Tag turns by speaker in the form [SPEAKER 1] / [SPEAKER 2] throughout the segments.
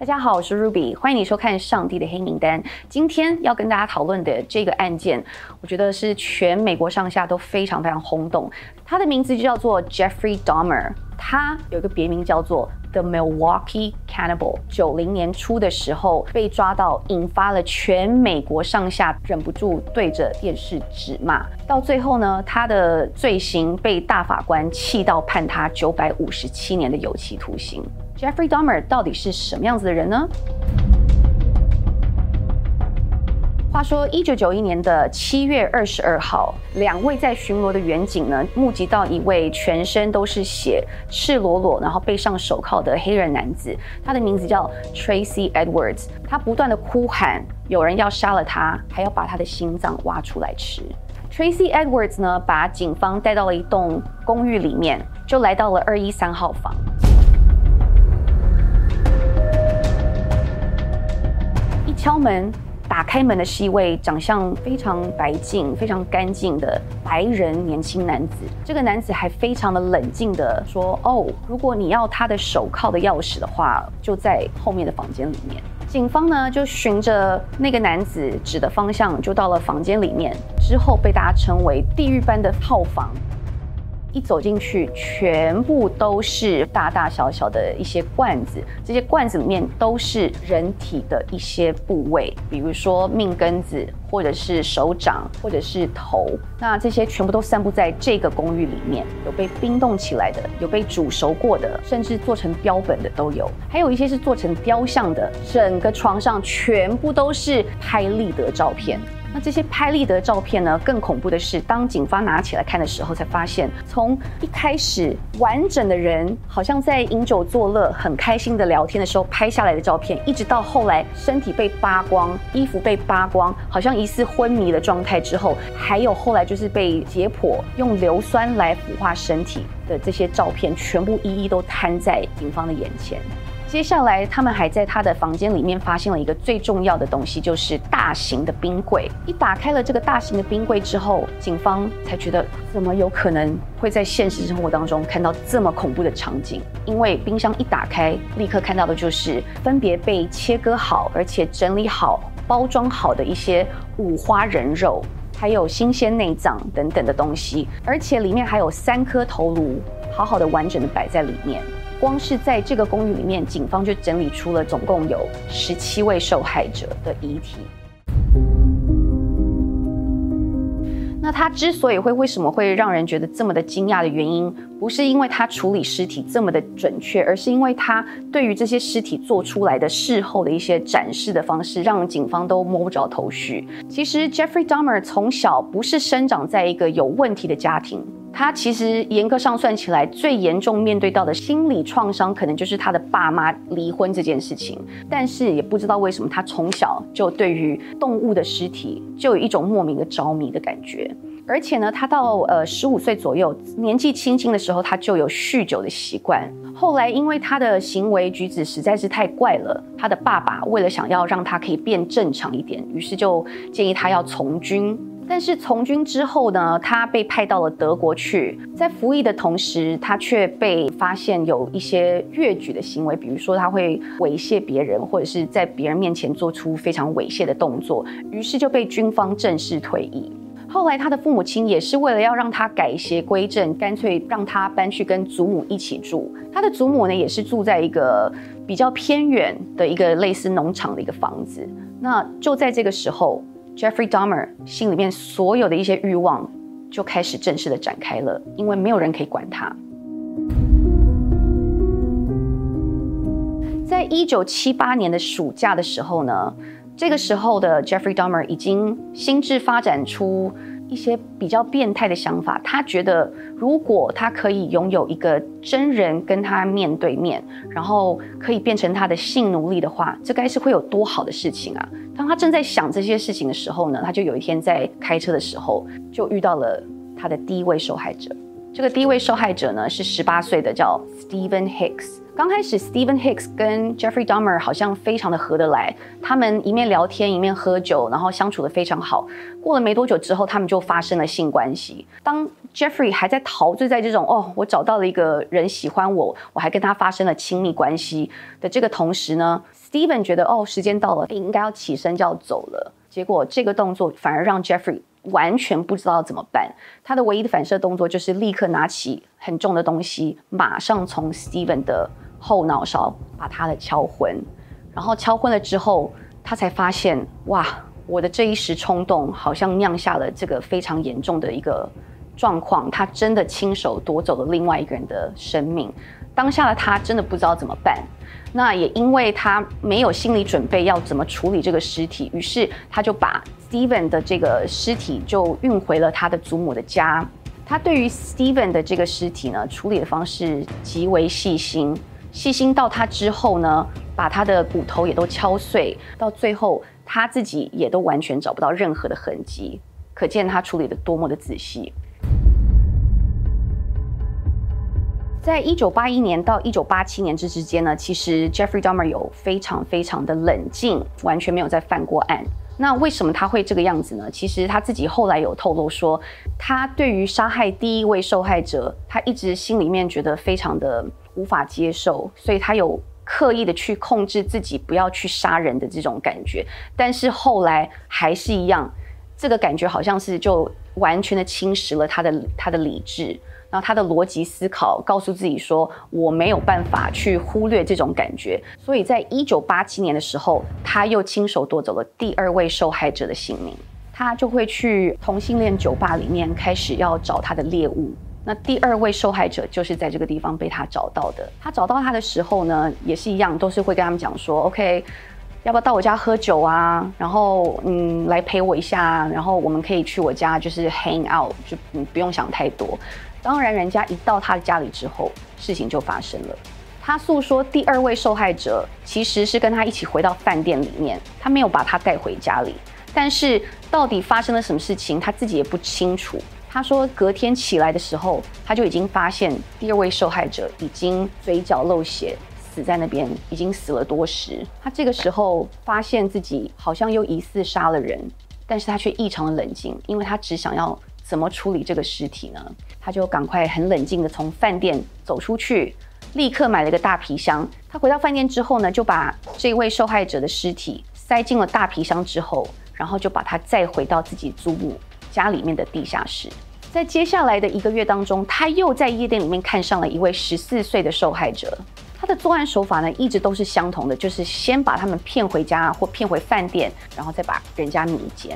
[SPEAKER 1] 大家好，我是 Ruby，歡迎你收看《上帝的黑名單》。今天要跟大家討論的這個案件，我覺得是全美國上下都非常非常轟動。他的名字就叫做 Jeffrey Dahmer，他有一個別名叫做 The Milwaukee Cannibal。九零年初的時候被抓到，引發了全美國上下忍不住對着電視直罵。到最後呢，他的罪行被大法官氣到判他九百五十七年的有期徒刑。Jeffrey Dahmer 到底是什麼樣子的人呢？話說，一九九一年的七月二十二號，兩位在巡邏的警員呢，目擊到一位全身都是血、赤裸裸、然後背上手銬的黑人男子。他的名字叫 Tracy Edwards，他不斷的哭喊：“有人要殺了他，還要把他的心臟挖出來吃。”Tracy Edwards 呢，把警方帶到了一棟公寓裡面，就來到了二一三號房。敲門，打開門的是一位長相非常白淨、非常乾淨的白人年輕男子。這個男子還非常的冷靜地說：“哦，如果你要他的手銬的鑰匙的話，就在後面的房間裡面。”警方呢，就循着那個男子指的方向，就到了房間裡面，之後被大家稱為地獄般的套房。一走進去，全部都是大大小小的一些罐子，這些罐子裡面都是人體的一些部位，比如說命根子，或者是手掌，或者是頭。那這些全部都散布在這個公寓裡面，有被冰凍起來的，有被煮熟過的，甚至做成標本的都有，還有一些是做成雕像的。整個床上全部都是拍立得照片。那這些拍立得照片呢，更恐怖的是，當警方拿起來看的時候，才發現從一開始完整的人，好像在飲酒作樂、很開心的聊天的時候拍下來的照片，一直到後來身體被扒光、衣服被扒光，好像疑似昏迷的狀態之後，還有後來就是被解剖、用硫酸來腐化身體的這些照片，全部一一都攤在警方的眼前。接下來，他們還在他的房間裡面發現了一個最重要的東西，就是大型的冰櫃。一打開了這個大型的冰櫃之後，警方才覺得怎麼有可能會在現實生活當中看到這麼恐怖的場景？因為冰箱一打開，立刻看到的就是分別被切割好、而且整理好、包裝好的一些五花人肉，還有新鮮內臟等等的東西，而且裡面還有三顆頭顱，好好的、完整的擺在裡面。光是在這個公寓裡面，警方就整理出了總共有十七位受害者的遺體。那他之所以會為什麼會讓人覺得這麼的驚訝的原因，不是因為他處理屍體這麼的準確，而是因為他對於這些屍體做出來的事後的一些展示的方式，讓警方都摸不着頭緒。其實 Jeffrey Dahmer 從小不是生長在一個有問題的家庭。他其實嚴格上算起來，最嚴重面對到的心理創傷，可能就是他的爸媽離婚這件事情。但是也不知道為什麼，他從小就對於動物的屍體就有一種莫名的着迷的感覺。而且呢，他到呃十五歲左右，年紀輕輕的時候，他就有酗酒的習慣。後來因為他的行為舉止實在是太怪了，他的爸爸為了想要讓他可以變正常一點，於是就建議他要從軍。但是從軍之後呢，他被派到了德國去，在服役的同時，他卻被發現有一些越矩的行為，比如說他會猥褻別人，或者是在別人面前做出非常猥褻的動作，於是就被軍方正式退役。後來他的父母親也是為了要讓他改邪歸正，乾脆讓他搬去跟祖母一起住。他的祖母呢，也是住在一個比較偏遠的一個類似農場的一個房子。那就在這個時候。Jeffrey Dahmer 心裡面所有的一些慾望就開始正式的展開了，因為沒有人可以管他。在一九七八年的暑假的時候呢，這個時候的 Jeffrey Dahmer 已經心智發展出一些比較變態的想法。他覺得，如果他可以擁有一個真人跟他面對面，然後可以變成他的性奴隸的話，這該是會有多好的事情啊！當他正在想這些事情的時候呢，他就有一天在開車的時候，就遇到了他的第一位受害者。這個第一位受害者呢是十八歲的，叫 Steven Hicks。剛開始，Steven Hicks 跟 Jeffrey Dahmer 好像非常的合得來，他們一面聊天一面喝酒，然後相處得非常好。過了沒多久之後，他們就發生了性關係。當 Jeffrey 還在陶醉在這種“哦，我找到了一個人喜歡我，我還跟他發生了親密關係”的這個同時呢。Steven 覺得哦，時間到了，應該要起身就要走了。結果這個動作反而讓 Jeffrey 完全不知道怎麼辦。他的唯一的反射動作就是立刻拿起很重的東西，馬上從 Steven 的後腦勺把他的敲昏。然後敲昏了之後，他才發現，哇，我的這一時衝動好像釀下了這個非常嚴重的一個狀況。他真的親手奪走了另外一個人的生命。當下的他真的不知道怎麼辦。那也因為他沒有心理準備要怎麼處理這個屍體，於是他就把 Steven 的這個屍體就運回了他的祖母的家。他對於 Steven 的這個屍體呢，處理的方式極為細心，細心到他之後呢，把他的骨頭也都敲碎，到最後他自己也都完全找不到任何的痕跡，可見他處理的多麼的仔細。在一九八一年到一九八七年這之間呢，其實 Jeffrey Dahmer 有非常非常的冷靜，完全沒有再犯過案。那為什麼他會這個樣子呢？其實他自己後來有透露說，他對於殺害第一位受害者，他一直心裡面覺得非常的無法接受，所以他有刻意的去控制自己不要去殺人的這種感覺。但是後來還是一樣。這個感覺好像是就完全的侵蝕了他的他的理智，然後他的邏輯思考告訴自己說，我沒有辦法去忽略這種感覺，所以在一九八七年的時候，他又親手奪走了第二位受害者的性命。他就會去同性戀酒吧裡面開始要找他的獵物，那第二位受害者就是在這個地方被他找到的。他找到他的時候呢，也是一樣，都是會跟他們講說，OK，要不要到我家喝酒啊？然後嗯，來陪我一下啊。然後我們可以去我家，就是 hang out，就嗯，不用想太多。當然，人家一到他的家裡之後，事情就發生了。他訴說，第二位受害者其實是跟他一起回到飯店裡面，他沒有把他帶回家裡。但是到底發生了什麼事情，他自己也不清楚。他說，隔天起來的時候，他就已經發現第二位受害者已經嘴角漏血。死在那邊，已經死了多時。他這個時候發現自己好像又疑似殺了人，但是他卻異常的冷靜，因為他只想要怎麼處理這個屍體呢？他就趕快很冷靜的從飯店走出去，立刻買了一個大皮箱。他回到飯店之後呢，就把這位受害者的屍體塞進了大皮箱之後，然後就把他再回到自己祖母家裡面的地下室。在接下來的一個月當中，他又在夜店裡面看上了一位十四歲的受害者。他的作案手法呢，一直都是相同的，就是先把他們騙回家或騙回飯店，然後再把人家迷姦。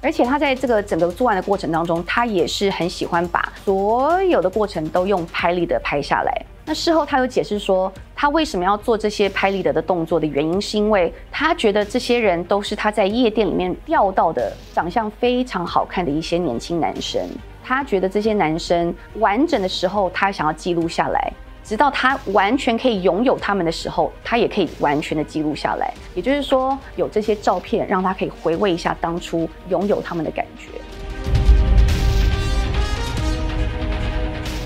[SPEAKER 1] 而且他在這個整個作案的過程當中，他也是很喜歡把所有的過程都用拍立得拍下來。那事後他又解釋說，他為什麼要做這些拍立得的動作的原因，是因為他覺得這些人都是他在夜店裡面釣到的，長相非常好看的一些年輕男生。他覺得這些男生完整的時候，他想要記錄下來。直到他完全可以擁有他們的時候，他也可以完全的記錄下來。也就是說，有這些照片，讓他可以回味一下當初擁有他們的感覺。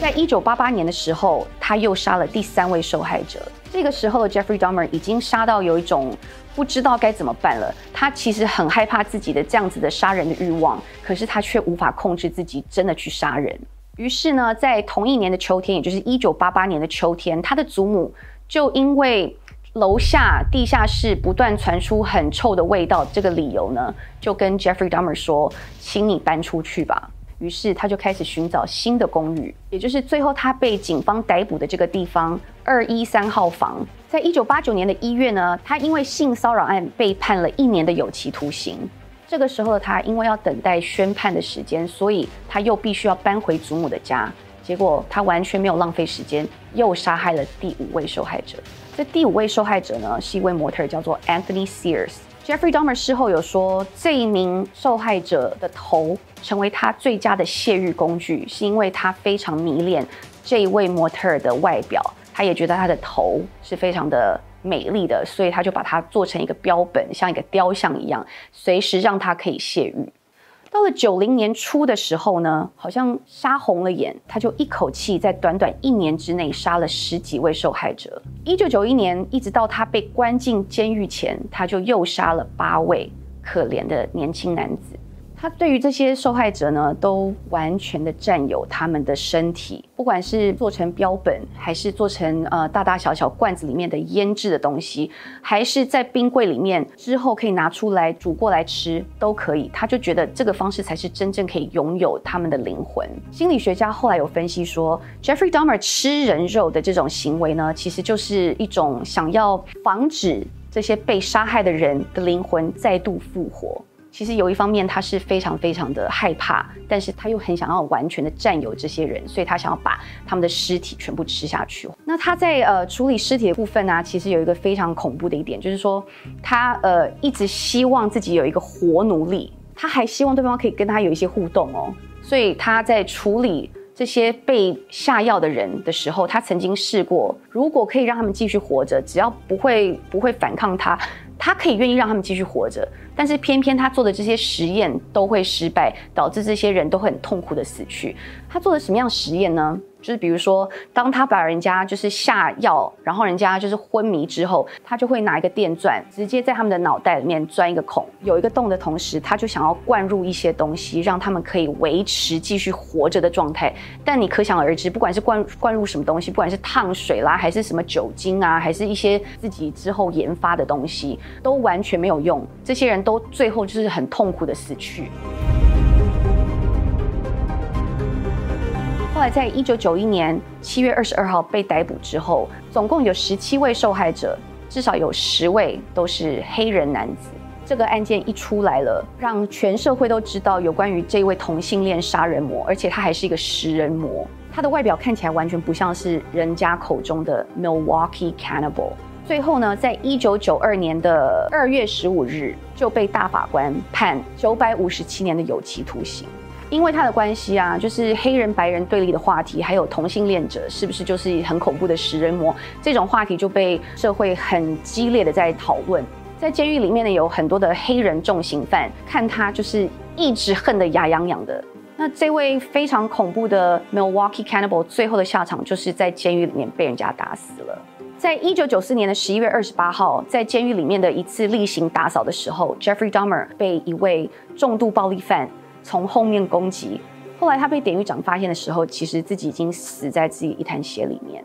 [SPEAKER 1] 在一九八八年的時候，他又殺了第三位受害者。這個時候的 Jeffrey Dahmer 已經殺到有一種不知道該怎麼辦了。他其實很害怕自己的這樣子的殺人的慾望，可是他卻無法控制自己真的去殺人。於是呢，在同一年的秋天，也就是一九八八年的秋天，他的祖母就因為樓下地下室不斷傳出很臭的味道，這個理由呢，就跟 Jeffrey Dahmer 說，請你搬出去吧。於是他就開始尋找新的公寓，也就是最後他被警方逮捕的這個地方，二一三號房。在一九八九年的一月呢，他因為性騷擾案被判了一年的有期徒刑。這個時候的他，因為要等待宣判的時間，所以他又必須要搬回祖母的家。結果他完全沒有浪費時間，又殺害了第五位受害者。這第五位受害者呢，是一位模特，叫做 Anthony Sears。Jeffrey Dahmer 事後有說，這一名受害者的頭成為他最佳的洩慾工具，是因為他非常迷戀這一位模特的外表，他也覺得他的頭是非常的。美麗的，所以他就把它做成一個標本，像一個雕像一樣，隨時讓他可以洩欲。到了九零年初的時候呢，好像殺紅了眼，他就一口氣在短短一年之內殺了十幾位受害者。一九九一年，一直到他被關進監獄前，他就又殺了八位可憐的年輕男子。他對於這些受害者呢，都完全的占有他們的身體，不管是做成標本，還是做成呃大大小小罐子裡面的醃製的東西，還是在冰櫃裡面之後可以拿出來煮過來吃，都可以。他就覺得這個方式才是真正可以擁有他們的靈魂。心理學家後來有分析說，Jeffrey Dahmer 吃人肉的這種行為呢，其實就是一種想要防止這些被殺害的人的靈魂再度復活。其實有一方面，他是非常非常的害怕，但是他又很想要完全的佔有這些人，所以他想要把他們的屍體全部吃下去。那他在呃處理屍體的部分呢，其實有一個非常恐怖的一點，就是說他呃一直希望自己有一個活奴隸，他還希望對方可以跟他有一些互動哦。所以他在處理這些被下藥的人的時候，他曾經試過，如果可以讓他們繼續活着，只要不會不會反抗他。他可以願意讓他們繼續活着，但是偏偏他做的這些實驗都會失敗，導致這些人都會很痛苦的死去。他做了什麼樣的實驗呢？就是比如說，當他把人家就是下藥，然後人家就是昏迷之後，他就會拿一個電鑽，直接在他們的腦袋裡面鑽一個孔，有一個洞的同時，他就想要灌入一些東西，讓他們可以維持繼續活着的狀態。但你可想而知，不管是灌灌入什麼東西，不管是燙水啦，還是什麼酒精啊，還是一些自己之後研發的東西，都完全沒有用。這些人都最後就是很痛苦的死去。在1991年7月22號被逮捕之後，總共有17位受害者，至少有10位都是黑人男子。這個案件一出來了，讓全社會都知道有關於這位同性戀殺人魔，而且他還是一個食人魔。他的外表看起來完全不像是人家口中的 Milwaukee Cannibal。最後呢，在1992年的2月15日就被大法官判957年的有期徒刑。因為他的關係啊，就是黑人白人對立的話題，還有同性戀者是不是就是很恐怖的食人魔這種話題就被社會很激烈的在討論。在監獄裡面呢，有很多的黑人重刑犯看他就是一直恨得牙癢癢的。那這位非常恐怖的 Milwaukee Cannibal 最後的下場就是在監獄裡面被人家打死了。在一九九四年的十一月二十八號，在監獄裡面的一次例行打掃的時候，Jeffrey Dahmer 被一位重度暴力犯從後面攻擊，後來他被典獄長發現的時候，其實自己已經死在自己一灘血裡面。